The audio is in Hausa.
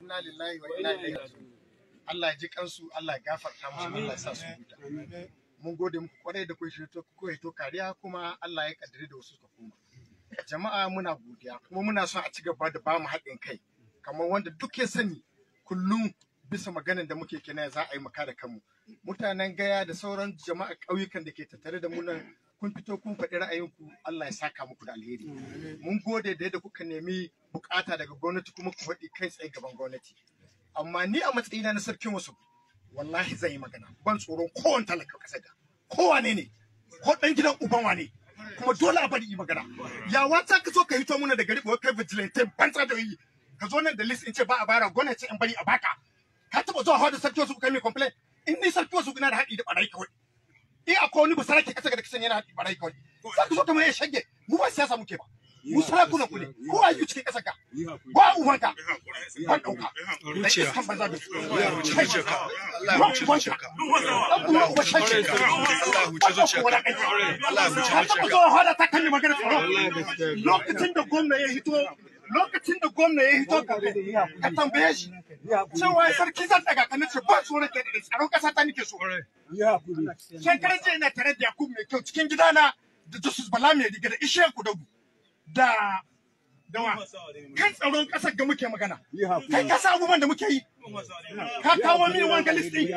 inna lillahi wa inna ilaihi Allah ya ji kansu Allah ya gafarta musu Allah ya sa su huta mun gode muku kwarai da kuka to kariya kuma Allah ya kaddare da wasu ka koma jama'a muna godiya kuma muna son a ci gaba da bamu haɗin kai kamar wanda duk ya sani kullum bisa maganar da muke kenan za a yi maka da kanmu mutanen gaya da sauran jama'a ƙauyukan da ke tattare da mu nan kun fito kun faɗi ra'ayinku Allah ya saka muku da alheri mun gode da yadda kuka nemi bukata daga gwamnati kuma ku faɗi kai tsaye gaban gwamnati amma ni a matsayina na sarkin wasu wallahi zan yi magana ban tsoron kowane talaka kasar da kowane ne ko dan gidan uban wane kuma dole a bari yi magana ya wata ka zo ka hito muna da gari kai vigilante banza da yi ka zo nan da list in ce ba a bara gwamnati in bari a baka ka taba zuwa hawa da sarkin wasu kai mai complain in ni sarkin wasu ina da haɗi da barai kawai in akwai wani basara ke kasa ga da kisan yana haɗi barai kawai sai ka zo ka mai shage mu ba siyasa muke ba musa sarakuna ku ne ko a yi cikin ƙasar ka ba ka lokacin da gwamna ya hito lokacin da gwamna ya hito ka tambaye shi cewa sarki zan daga kanin ba da ƙasa ta nake so shekarar jiya ina tare da yakubu mai kyau cikin gidana da jesus bala mai riga da ishiyar ku da dawa kan tsaron ƙasar ga muke magana kai ka sa abubuwan da muke yi ka kawo mini wanga listin